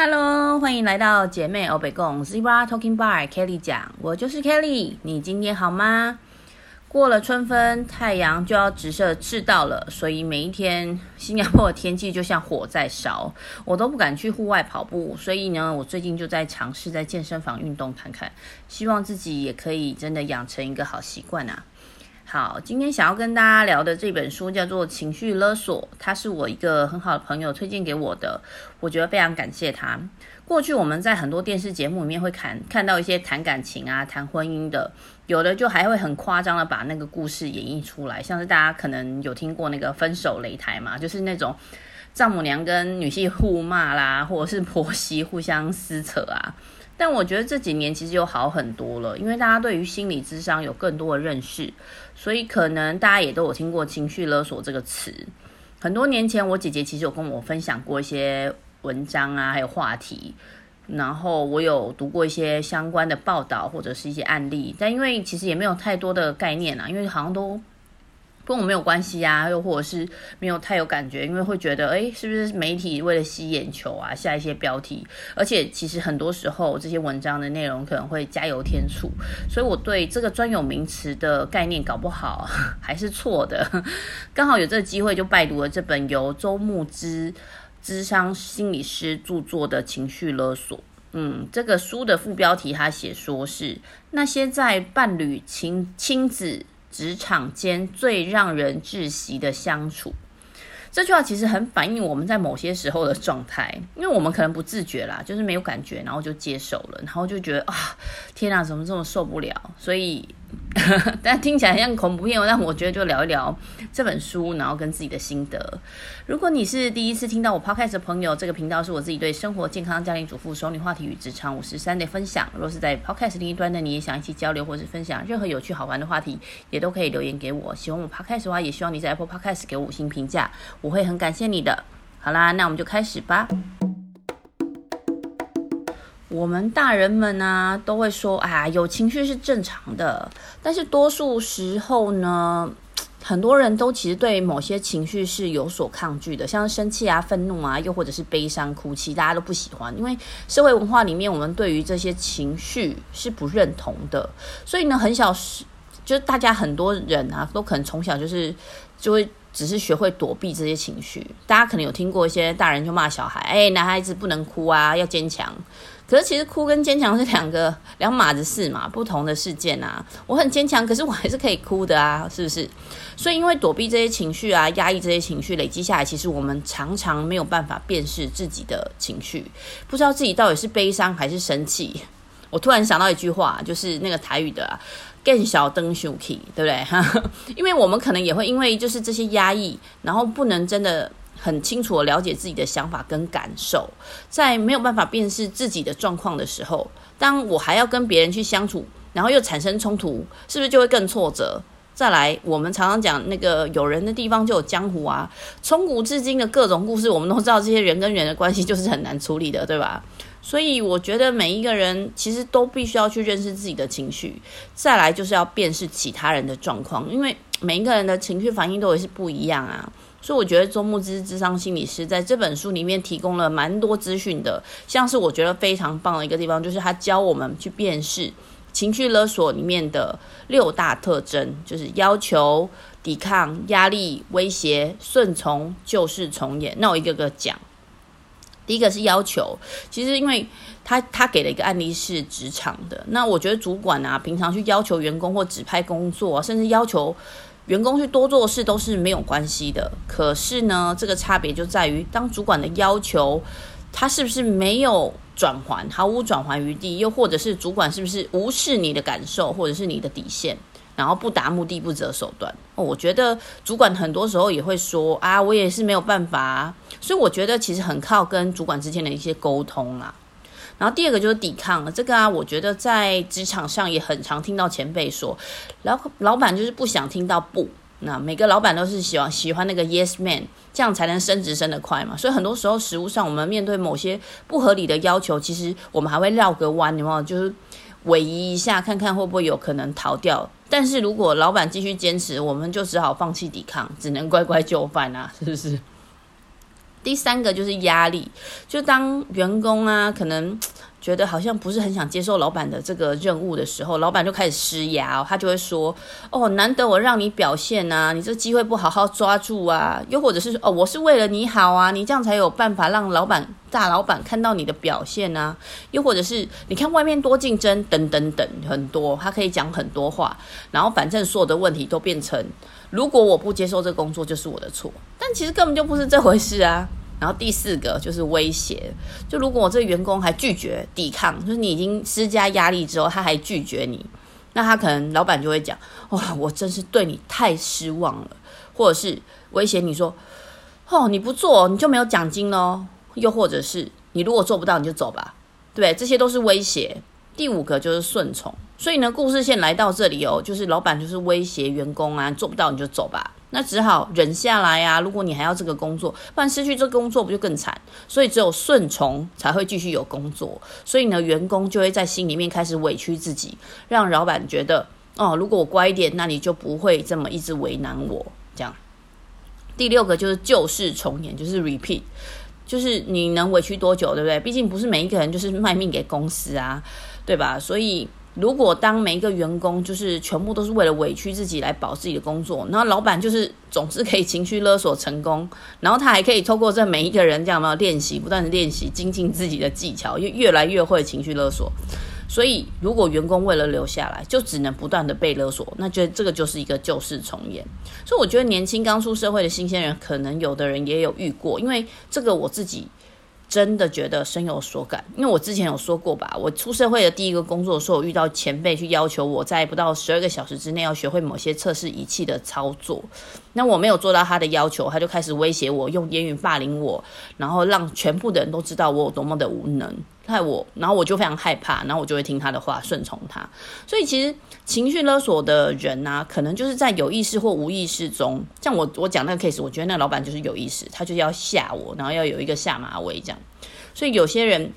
Hello，歡迎來到姐妹歐北共 Zebra Talking Bar。Kelly 講，我就是 Kelly。你今天好嗎？過了春分，太陽就要直射赤道了，所以每一天，新加坡的天氣就像火在燒，我都不敢去戶外跑步。所以呢，我最近就在嘗試在健身房運動，看看，希望自己也可以真的養成一個好習慣啊。好，今天想要跟大家聊的這本書叫做《情緒勒索》，它是我一個很好的朋友推薦給我的，我覺得非常感謝他。過去我們在很多電視節目裡面會看看到一些談感情啊、談婚姻的，有的就還會很誇張的把那個故事演繹出來，像是大家可能有聽過那個分手擂台嘛，就是那種丈母娘跟女婿互罵啦，或者是婆媳互相撕扯啊。但我覺得這幾年其實就好很多了，因為大家對於心理諮商有更多的認識，所以可能大家也都有聽過“情緒勒索”這個詞。很多年前，我姐姐其實有跟我分享過一些文章啊，還有話題，然後我有讀過一些相關的報道或者是一些案例。但因為其實也沒有太多的概念啊，因為好像都跟我沒有關係啊，又或者是沒有太有感覺，因為會覺得，哎、欸，是不是媒體為了吸眼球啊，下一些標題？而且其實很多時候，這些文章的內容可能會加油添醋，所以我對這個專有名詞的概念搞不好還是錯的。剛好有這個機會，就拜讀了這本由周慕姿諮商心理師著作的《情緒勒索》。嗯，這個書的副標題他寫說是那些在伴侶、親親子。職場間最讓人窒息的相處，這句話其實很反映我們在某些時候的狀態，因為我們可能不自覺啦，就是沒有感覺，然後就接受了，然後就覺得啊，天啊，怎麼這麼受不了？所以。 但聽起來很像恐怖片，但我覺得就聊一聊這本書，然後跟自己的心得。如果你是第一次聽到我 podcast 的朋友，這個頻道是我自己對生活、健康、家庭主婦、熟女話題與職場五十三的分享。若是在 podcast 另一端的你也想一起交流或是分享任何有趣好玩的話題，也都可以留言給我。喜歡我 podcast 的話，也希望你在 Apple Podcast 給我五星評價，我會很感謝你的。好啦，那我們就開始吧。我們大人們呢、啊，都會說啊、哎，有情緒是正常的。但是多數時候呢，很多人都其實對某些情緒是有所抗拒的，像生氣啊、憤怒啊，又或者是悲傷、哭泣，大家都不喜歡。因為社會文化裡面，我們對於這些情緒是不認同的。所以呢，很小時就是大家很多人啊，都可能從小就是就會只是學會躲避這些情緒。大家可能有聽過一些大人就罵小孩：“哎，男孩子不能哭啊，要堅強。”可是其實哭跟堅強是兩個兩碼子事嘛，不同的事件啊。我很堅強，可是我還是可以哭的啊，是不是？所以因為躲避這些情緒啊，壓抑這些情緒累積下來，其實我們常常沒有辦法辨識自己的情緒，不知道自己到底是悲傷還是生氣。我突然想到一句話，就是那個台語的、啊“更小燈秀 key” 對不對？ 因為我們可能也會因為就是這些壓抑，然後不能真的。很清楚地了解自己的想法跟感受，在沒有辦法辨識自己的狀況的時候，當我還要跟別人去相處，然後又產生衝突，是不是就會更挫折？再來，我們常常講那個有人的地方就有江湖啊，從古至今的各種故事，我們都知道這些人跟人的關係就是很難處理的，對吧？所以我覺得每一個人其實都必須要去認識自己的情緒，再來就是要辨識其他人的狀況，因為。每一個人的情緒反應都會是不一樣啊，所以我覺得周慕姿諮商心理師在這本書裡面提供了蠻多資訊的。像是我覺得非常棒的一個地方，就是他教我們去辨識情緒勒索裡面的六大特徵，就是要求、抵抗、壓力、威脅、順從、舊事重演。那我一個個講。第一個是要求，其實因為他他給了一個案例是職場的，那我覺得主管啊，平常去要求員工或指派工作啊，甚至要求。員工去多做的事都是沒有關係的，可是呢，這個差別就在於當主管的要求，他是不是沒有轉圜，毫無轉圜餘地，又或者是主管是不是無視你的感受，或者是你的底線，然後不達目的不擇手段，哦。我覺得主管很多時候也會說啊，我也是沒有辦法，啊，所以我覺得其實很靠跟主管之間的一些溝通啊。然後第二個就是抵抗。這個啊，我覺得在職場上也很常聽到前輩說，老老板就是不想聽到不，那每個老板都是喜歡喜歡那個 yes man，這樣才能升職升得快嘛。所以很多時候實務上，我們面對某些不合理的要求，其實我們還會繞個彎，你知道嗎？就是委屈一下，看看會不會有可能逃掉。但是如果老板繼續堅持，我們就只好放棄抵抗，只能乖乖就範啊， 是不是？第三個就是壓力，就當員工啊，可能覺得好像不是很想接受老闆的這個任務的時候，老闆就開始施壓哦，他就會說：“哦，難得我讓你表現啊，你這機會不好好抓住啊。”又或者是：“哦，我是為了你好啊，你這樣才有辦法讓老闆。”大老闆看到你的表現啊，又或者是你看外面多競爭等等等等，很多，他可以講很多話，然後反正所有的問題都變成如果我不接受這工作就是我的錯，但其實根本就不是這回事啊。然後第四個就是威脅，就如果我這個員工還拒絕抵抗，就是你已經施加壓力之後他還拒絕你，那他可能老闆就會講哇、哦，我真是對你太失望了，或者是威脅你說，哦，你不做你就沒有獎金咯。又或者是你如果做不到，你就走吧，對，對，這些都是威脅。第五個就是順從，所以呢，故事線來到這裡哦，就是老闆就是威脅員工啊，做不到你就走吧，那只好忍下來啊。如果你還要這個工作，不然失去這個工作不就更慘？所以只有順從才會繼續有工作，所以呢，員工就會在心裡面開始委屈自己，讓老闆覺得哦，如果我乖一點，那你就不會這麼一直為難我這樣。第六個就是舊事重演，就是 repeat。就是你能委屈多久，對不對？畢竟不是每一個人就是賣命給公司啊，對吧？所以如果當每一個員工就是全部都是為了委屈自己來保自己的工作，然後老闆就是總是可以情緒勒索成功，然後他還可以透過這每一個人這樣子練習，不斷的練習，精進自己的技巧，越越來越會情緒勒索。所以，如果員工為了留下來，就只能不斷地被勒索，那覺得這個就是一個舊事重演。所以，我覺得年輕剛出社會的新鮮人，可能有的人也有遇過，因為這個我自己真的覺得深有所感。因為我之前有說過吧，我出社會的第一個工作的時候，我遇到前輩去要求我在不到十二個小時之內要學會某些測試儀器的操作。那我沒有做到他的要求，他就開始威脅我，用言語霸凌我，然後讓全部的人都知道我有多麼的無能，害我，然後我就非常害怕，然後我就會聽他的話，順從他。所以其實情緒勒索的人呢、啊，可能就是在有意識或無意識中，像我我講那個 case，我覺得那個老闆就是有意識，他就是要嚇我，然後要有一個下馬威這樣。所以有些人。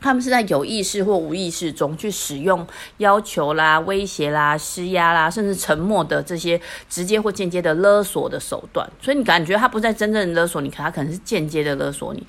他們是在有意識或無意識中去使用要求啦、威脅啦、施壓啦，甚至沉默的這些直接或間接的勒索的手段。所以你感覺他不在真正勒索你，可他可能是間接的勒索你，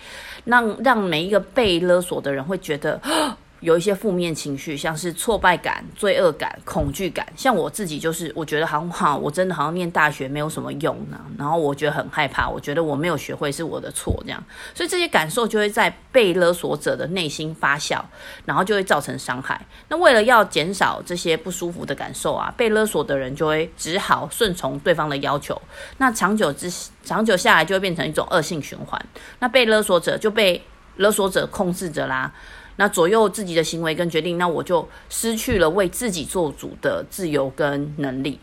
讓讓每一個被勒索的人會覺得。呵有一些負面情緒，像是挫敗感、罪惡感、恐懼感。像我自己就是，我覺得好不好？我真的好像念大學沒有什麼用呢、啊。然後我覺得很害怕，我覺得我沒有學會是我的錯，這樣。所以這些感受就會在被勒索者的內心發酵，然後就會造成傷害。那為了要減少這些不舒服的感受啊，被勒索的人就會只好順從對方的要求。那長久之長久下來，就會變成一種惡性循環。那被勒索者就被勒索者控制着啦。那左右自己的行為跟決定，那我就失去了為自己做主的自由跟能力。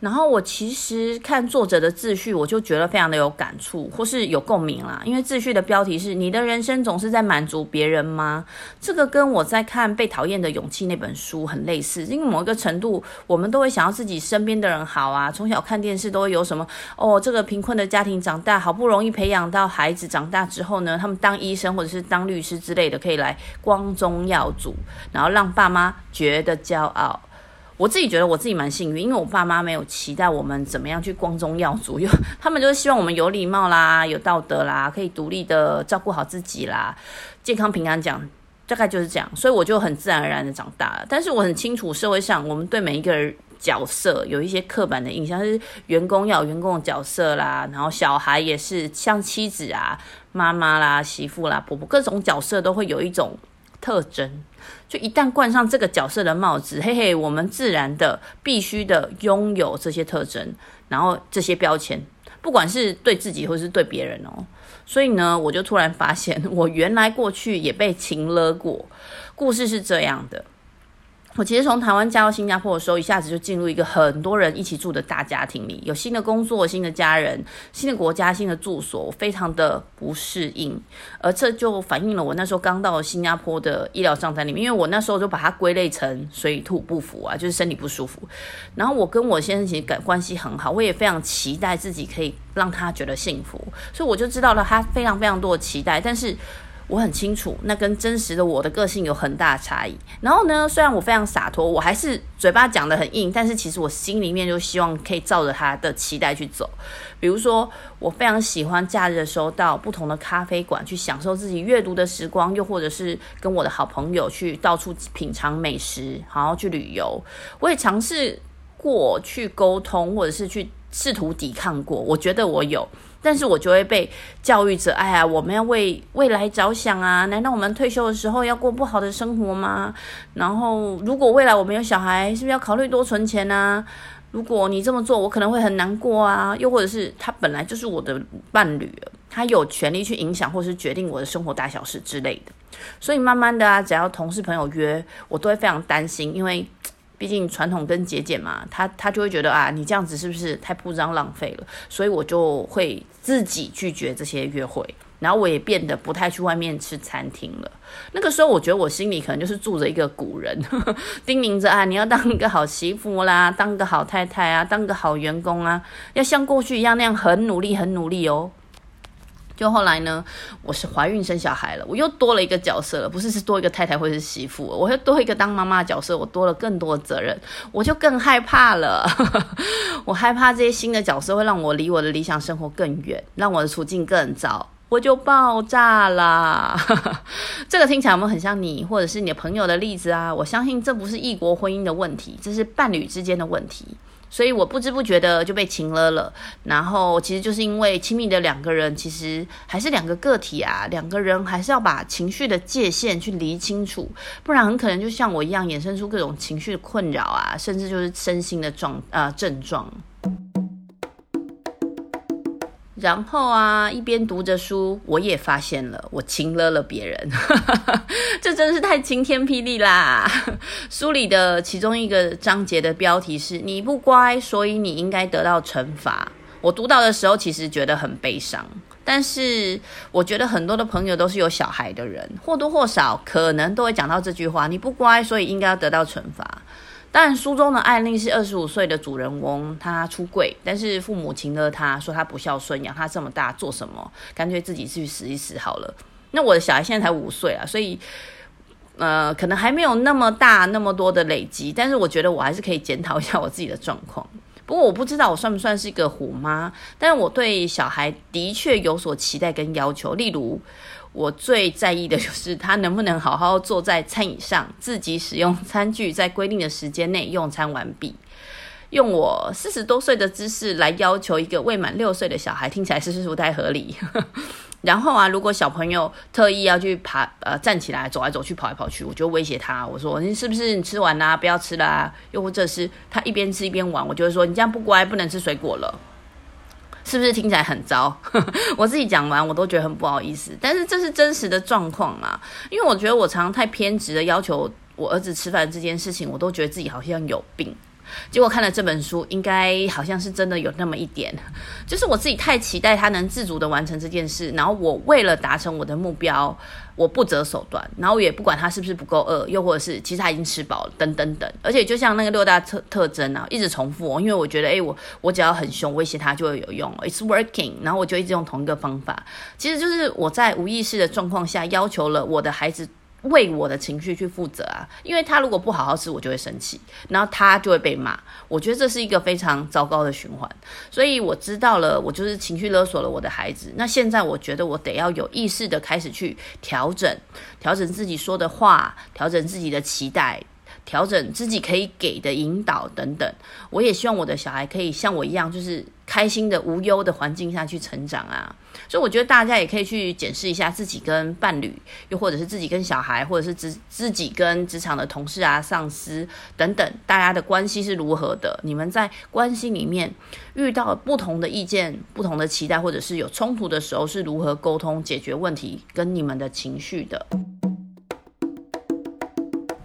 然後我其實看作者的自序，我就覺得非常的有感觸，或是有共鳴啦。因為自序的標題是“你的人生總是在滿足別人嗎？”這個跟我在看《被討厭的勇氣》那本書很類似，因為某一個程度，我們都會想要自己身邊的人好啊。從小看電視都會有什麼哦，這個貧困的家庭長大，好不容易培養到孩子長大之後呢，他們當醫生或者是當律師之類的，可以來光宗耀祖，然後讓爸媽覺得驕傲。我自己覺得我自己蠻幸運，因為我爸媽沒有期待我們怎麼樣去光宗耀祖，因為他們就是希望我們有禮貌啦，有道德啦，可以獨立的照顧好自己啦，健康平安講，大概就是這樣，所以我就很自然而然的長大了。但是我很清楚社會上我們對每一個人角色有一些刻板的印象，是員工要有員工的角色啦，然後小孩也是像妻子啊、媽媽啦、媳婦啦、婆婆各種角色都會有一種特徵，就一旦冠上這個角色的帽子，嘿嘿，我們自然的必須的擁有這些特徵，然後這些標籤，不管是對自己或是對別人哦。所以呢，我就突然發現，我原來過去也被情勒過。故事是這樣的。我其實從台灣嫁到新加坡的時候，一下子就進入一個很多人一起住的大家庭裡，有新的工作、新的家人、新的國家、新的住所，我非常的不適應，而這就反映了我那時候剛到了新加坡的醫療帳單裡面，因為我那時候就把它歸類成水土不服啊，就是身體不舒服。然後我跟我先生其實感關係很好，我也非常期待自己可以讓他覺得幸福，所以我就知道了他非常非常多的期待，但是。我很清楚，那跟真實的我的個性有很大的差異。然後呢，雖然我非常灑脫，我還是嘴巴講得很硬，但是其實我心裡面就希望可以照着他的期待去走。比如說，我非常喜歡假日的時候到不同的咖啡館去享受自己閱讀的時光，又或者是跟我的好朋友去到處品嘗美食，好好去旅遊。我也嘗試過去溝通，或者是去試圖抵抗過。我覺得我有。但是我就會被教育著，哎呀，我們要為未來着想啊！難道我們退休的時候要過不好的生活嗎？然後，如果未來我們有小孩，是不是要考慮多存錢啊？如果你這麼做，我可能會很難過啊！又或者是他本來就是我的伴侶，他有權利去影響或是決定我的生活大小事之類的。所以慢慢的啊，只要同事朋友約我，都會非常擔心，因為。畢竟傳統跟節儉嘛，他他就會覺得啊，你這樣子是不是太鋪張浪費了？所以我就會自己拒絕這些約會，然後我也變得不太去外面吃餐廳了。那個時候，我覺得我心裡可能就是住着一個古人，呵呵叮嚀着啊，你要當一個好媳婦啦，當個好太太啊，當個好員工啊，要像過去一樣那樣很努力，很努力哦。就後來呢，我是懷孕生小孩了，我又多了一個角色了，不是是多一個太太或者是媳婦，我又多一個當媽媽的角色，我多了更多的責任，我就更害怕了， 我害怕這些新的角色會讓我離我的理想生活更遠，讓我的處境更糟，我就爆炸啦！ 這個聽起來有沒有很像你或者是你的朋友的例子啊？我相信這不是異國婚姻的問題，這是伴侶之間的問題。所以我不知不覺的就被情勒了，然後其實就是因為親密的兩個人，其實還是兩個個體啊，兩個人還是要把情緒的界限去理清楚，不然很可能就像我一樣，衍生出各種情緒的困擾啊，甚至就是身心的狀呃症狀。然後啊，一邊讀着書，我也發現了，我情勒了別人， 這真是太晴天霹靂啦！ 書裡的其中一個章節的標題是“你不乖，所以你應該得到懲罰”。我讀到的時候，其實覺得很悲傷。但是我覺得很多的朋友都是有小孩的人，或多或少可能都會講到這句話：“你不乖，所以應該要得到懲罰。”但書中的案例是二十五歲的主人翁，他出櫃，但是父母親了他說他不孝順，養他這麼大做什麼？乾脆自己去死一死好了。那我的小孩現在才五歲啊，所以呃，可能還沒有那麼大那麼多的累積，但是我覺得我還是可以檢討一下我自己的狀況。不過我不知道我算不算是一個虎媽，但是我對小孩的確有所期待跟要求，例如。我最在意的就是他能不能好好坐在餐椅上，自己使用餐具，在規定的時間內用餐完畢。用我四十多歲的姿勢來要求一個未滿六歲的小孩，聽起來是不是不太合理？ 然後啊，如果小朋友特意要去爬，呃，站起來，走來走去，跑來跑去，我就威脅他，我說，你是不是你吃完啦？啊，不要吃啦。啊，又或者是他一邊吃一邊玩，我就會說，你這樣不乖，不能吃水果了。是不是聽起來很糟？ 我自己講完，我都覺得很不好意思。但是這是真實的狀況啦，因為我覺得我常常太偏執的要求我兒子吃飯的這件事情，我都覺得自己好像有病。結果看了這本書，應該好像是真的有那麼一點，就是我自己太期待他能自主的完成這件事，然後我為了達成我的目標，我不擇手段，然後也不管他是不是不夠餓，又或者是其實他已經吃飽了，等等等。而且就像那個六大特特徵啊，一直重複哦，因為我覺得，哎，我我只要很凶，威脅他就會有用哦，it's working，然後我就一直用同一個方法，其實就是我在無意識的狀況下要求了我的孩子，為我的情緒去負責啊，因為他如果不好好吃，我就會生氣，然後他就會被罵。我覺得這是一個非常糟糕的循環，所以我知道了，我就是情緒勒索了我的孩子。那現在我覺得我得要有意識的開始去調整，調整自己說的話，調整自己的期待。調整自己可以給的引導等等，我也希望我的小孩可以像我一樣，就是開心的無憂的環境下去成長啊。所以我覺得大家也可以去檢視一下自己跟伴侶，又或者是自己跟小孩，或者是職自己跟職場的同事啊、上司等等，大家的關係是如何的？你們在關係裡面遇到不同的意見、不同的期待，或者是有衝突的時候，是如何溝通解決問題，跟你們的情緒的？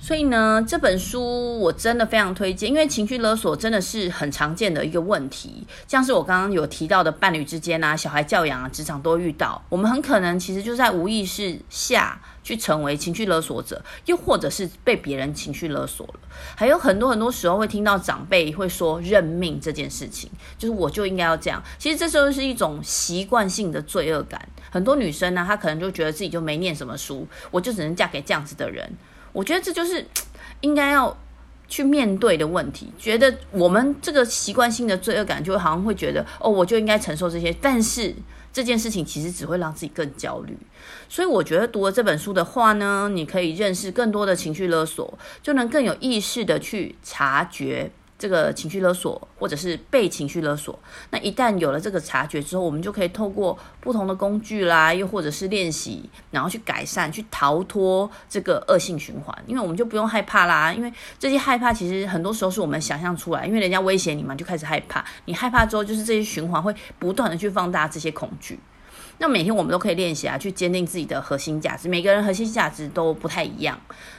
所以呢，這本書我真的非常推薦，因為情緒勒索真的是很常見的一個問題，像是我剛剛有提到的，伴侶之間啊、小孩教養啊、職場都遇到。我們很可能其實就在無意識下去成為情緒勒索者，又或者是被別人情緒勒索了。還有很多很多時候會聽到長輩會說“認命”這件事情，就是我就應該要這樣。其實這時候是一種習慣性的罪惡感。很多女生呢、啊，她可能就覺得自己就沒念什麼書，我就只能嫁給這樣子的人。我覺得這就是應該要去面對的問題。覺得我們這個習慣性的罪惡感，就好像會覺得哦，我就應該承受這些。但是這件事情其實只會讓自己更焦慮。所以我覺得讀了這本書的話呢，你可以認識更多的情緒勒索，就能更有意識的去察覺。這個情緒勒索，或者是被情緒勒索，那一旦有了這個察覺之後，我們就可以透過不同的工具啦，又或者是練習，然後去改善，去逃脫這個惡性循環。因為我們就不用害怕啦，因為這些害怕其實很多時候是我們想象出來，因為人家威脅你嘛，就開始害怕。你害怕之後，就是這些循環會不斷地去放大這些恐懼。那每天我們都可以練習啊，去堅定自己的核心價值。每個人核心價值都不太一樣。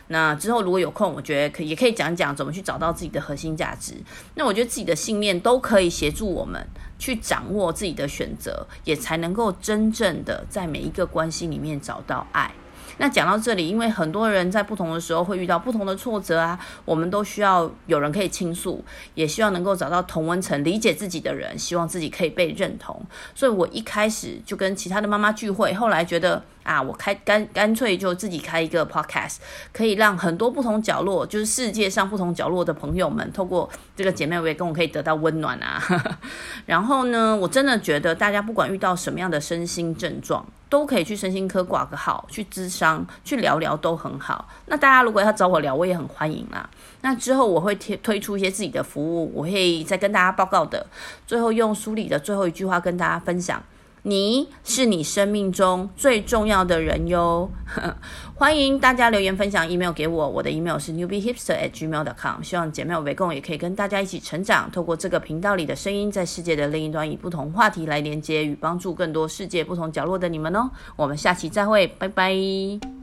那之後如果有空，我覺得可以也可以講講怎麼去找到自己的核心價值。那我覺得自己的信念都可以協助我們去掌握自己的選擇，也才能夠真正的在每一個關係裡面找到愛。那講到這裡，因為很多人在不同的時候會遇到不同的挫折啊，我們都需要有人可以傾訴，也希望能夠找到同溫層、理解自己的人，希望自己可以被認同。所以，我一開始就跟其他的媽媽聚會，後來覺得啊，我開乾乾脆就自己開一個 podcast，可以讓很多不同角落，就是世界上不同角落的朋友們，透過這個姐妹會跟我可以得到溫暖啊。 然後呢，我真的覺得大家不管遇到什麼樣的身心症狀，都可以去身心科掛個號，去諮商，去聊聊都很好。那大家如果要找我聊，我也很歡迎啦。那之後我會貼推出一些自己的服務，我會再跟大家報告的。最後用書裡的最後一句話跟大家分享。你是你生命中最重要的人喲， 歡迎大家留言分享，email 給我，我的 email 是 newbiehipster at gmail.com。希望姐妹們共也可以跟大家一起成長，透過這個頻道裡的聲音，在世界的另一端，以不同話題來連接與幫助更多世界不同角落的你們哦。我們下期再會，拜拜。